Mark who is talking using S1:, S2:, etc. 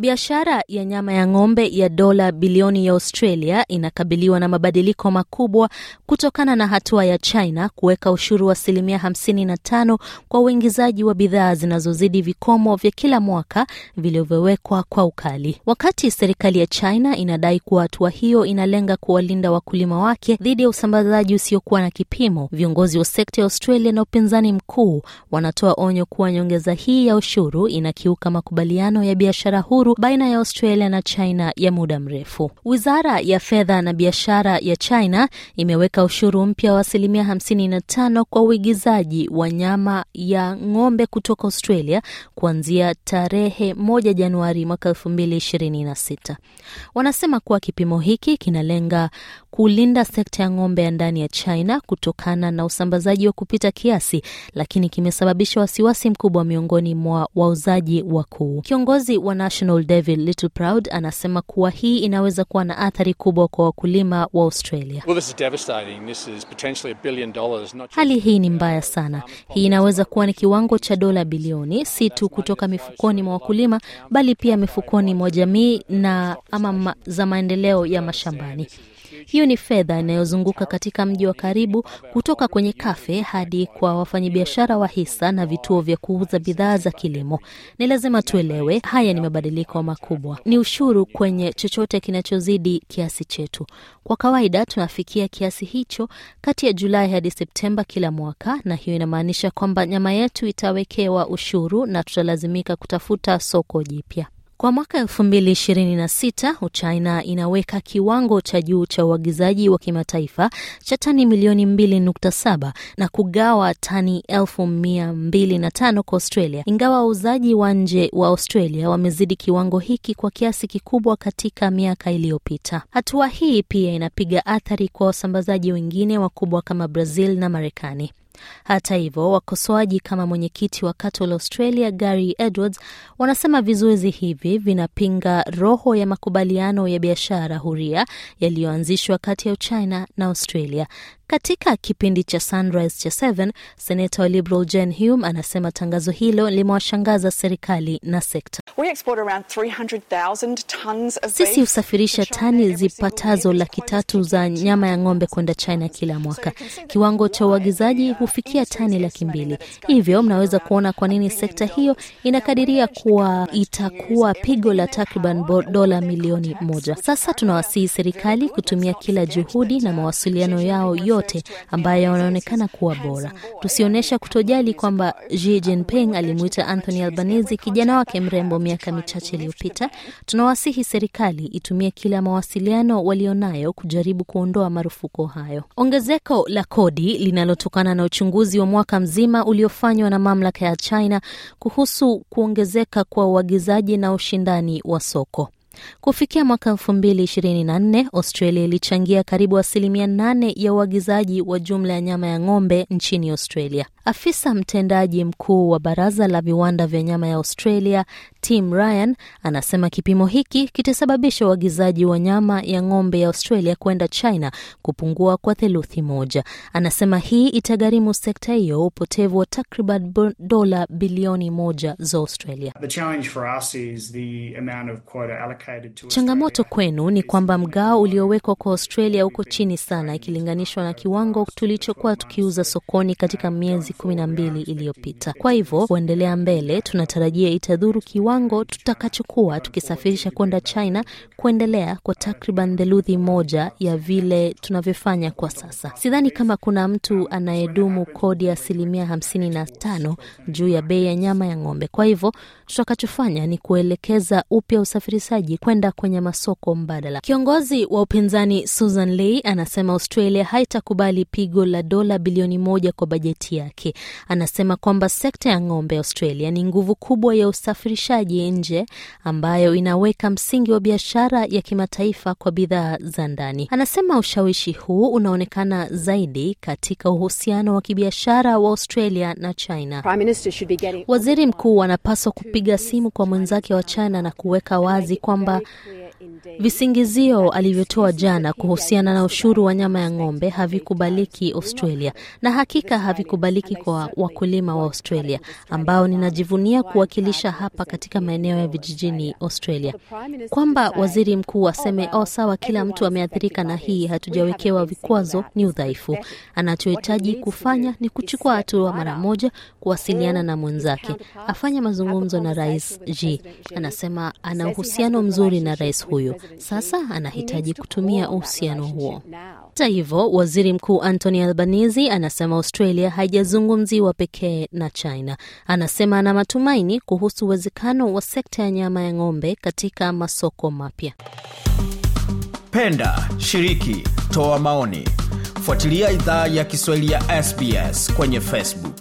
S1: Biashara ya nyama ya ng'ombe ya dola bilioni ya Australia inakabiliwa na mabadiliko makubwa kutokana na hatua ya China kuweka ushuru wa asilimia 55 kwa uingizaji wa bidhaa zinazozidi vikomo vya kila mwaka vilivyowekwa kwa ukali. Wakati serikali ya China inadai kuwa hatua hiyo inalenga kuwalinda wakulima wake dhidi ya usambazaji usiokuwa na kipimo, viongozi wa sekta ya Australia na upinzani mkuu wanatoa onyo kuwa nyongeza hii ya ushuru inakiuka makubaliano ya biashara huru huru baina ya Australia na China ya muda mrefu. Wizara ya fedha na biashara ya China imeweka ushuru mpya wa asilimia 55 kwa uigizaji wa nyama ya ng'ombe kutoka Australia kuanzia tarehe 1 Januari mwaka 2026. Wanasema kuwa kipimo hiki kinalenga kulinda sekta ya ng'ombe ya ndani ya China kutokana na usambazaji wa kupita kiasi, lakini kimesababisha wasiwasi mkubwa miongoni mwa wauzaji wakuu. Kiongozi wa National David Littleproud anasema kuwa hii inaweza kuwa na athari kubwa kwa wakulima wa Australia. Well, this is this is just... hali hii ni mbaya sana. Hii inaweza kuwa ni kiwango cha dola bilioni, si tu kutoka mifukoni mwa wakulima, bali pia mifukoni mwa jamii na ama ma za maendeleo ya mashambani. Hiyo ni fedha inayozunguka katika mji wa karibu kutoka kwenye kafe hadi kwa wafanyabiashara wa hisa na vituo vya kuuza bidhaa za kilimo. Ni lazima tuelewe, haya ni mabadiliko makubwa. Ni ushuru kwenye chochote kinachozidi kiasi chetu. Kwa kawaida tunafikia kiasi hicho kati ya Julai hadi Septemba kila mwaka, na hiyo inamaanisha kwamba nyama yetu itawekewa ushuru na tutalazimika kutafuta soko jipya. Kwa mwaka 2026 Uchina inaweka kiwango cha juu cha uagizaji wa kimataifa cha tani milioni 2.7 na kugawa tani tano kwa Australia, ingawa wauzaji wa nje wa Australia wamezidi kiwango hiki kwa kiasi kikubwa katika miaka iliyopita. Hatua hii pia inapiga athari kwa wasambazaji wengine wakubwa kama Brazil na Marekani. Hata hivyo, wakosoaji kama mwenyekiti wa Cattle Australia Gary Edwards wanasema vizuizi hivi vinapinga roho ya makubaliano ya biashara huria yaliyoanzishwa kati ya Uchina na Australia. Katika kipindi cha Sunrise cha 7, seneta wa Liberal Jen Hume anasema tangazo hilo limewashangaza serikali na sekta. Sisi husafirisha tani zipatazo laki tatu za nyama ya ng'ombe kwenda China kila mwaka. Kiwango cha uagizaji hufikia tani laki mbili. Hivyo mnaweza kuona kwa nini sekta hiyo inakadiria kuwa itakuwa pigo la takriban dola milioni moja. Sasa tunawasihi serikali kutumia kila juhudi na mawasiliano yao yote yoyote ambayo yanaonekana kuwa bora. Tusionyesha kutojali kwamba Xi Jinping alimuita Anthony Albanese kijana wake mrembo miaka michache iliyopita. Tunawasihi serikali itumie kila mawasiliano walionayo kujaribu kuondoa marufuku hayo. Ongezeko la kodi linalotokana na uchunguzi wa mwaka mzima uliofanywa na mamlaka ya China kuhusu kuongezeka kwa uagizaji na ushindani wa soko. Kufikia mwaka 2024 Australia ilichangia karibu asilimia 8 ya uagizaji wa jumla ya nyama ya ng'ombe nchini Australia. Afisa mtendaji mkuu wa baraza la viwanda vya nyama ya Australia, Tim Ryan, anasema kipimo hiki kitasababisha uagizaji wa nyama ya ng'ombe ya Australia kwenda China kupungua kwa theluthi moja. Anasema hii itagharimu sekta hiyo upotevu wa takriban dola bilioni moja za Australia. Changamoto kwenu ni kwamba mgao uliowekwa kwa Australia uko chini sana ikilinganishwa na kiwango tulichokuwa tukiuza sokoni katika miezi kumi na mbili iliyopita. Kwa hivyo kuendelea mbele, tunatarajia itadhuru kiwango tutakachokuwa tukisafirisha kwenda China kuendelea kwa takriban theluthi moja ya vile tunavyofanya kwa sasa. Sidhani kama kuna mtu anayedumu kodi ya asilimia hamsini na tano juu ya bei ya nyama ya ng'ombe. Kwa hivyo tutakachofanya ni kuelekeza upya usafirishaji kwenda kwenye masoko mbadala. Kiongozi wa upinzani Susan Ley anasema Australia haitakubali pigo la dola bilioni moja kwa bajeti yake. Kibaki anasema kwamba sekta ya ng'ombe Australia ni nguvu kubwa ya usafirishaji nje ambayo inaweka msingi wa biashara ya kimataifa kwa bidhaa za ndani. Anasema ushawishi huu unaonekana zaidi katika uhusiano wa kibiashara wa Australia na China. Getting... Waziri mkuu anapaswa kupiga simu kwa mwenzake wa China na kuweka wazi kwamba Visingizio alivyotoa jana kuhusiana na ushuru wa nyama ya ng'ombe havikubaliki Australia, na hakika havikubaliki kwa wakulima wa Australia ambao ninajivunia kuwakilisha hapa katika maeneo ya vijijini Australia. Kwamba waziri mkuu aseme oh, sawa, kila mtu ameathirika na hii, hatujawekewa vikwazo, ni udhaifu. Anachohitaji kufanya ni kuchukua hatua mara moja, kuwasiliana na mwenzake, afanye mazungumzo na rais j Anasema ana uhusiano mzuri na rais huyo huyo sasa anahitaji kutumia uhusiano huo. Hata hivyo, waziri mkuu antony albanizi anasema Australia haijazungumziwa pekee na China. Anasema ana matumaini kuhusu uwezekano wa sekta ya nyama ya ng'ombe katika masoko mapya. Penda, shiriki, toa maoni, fuatilia idhaa ya Kiswahili ya SBS kwenye Facebook.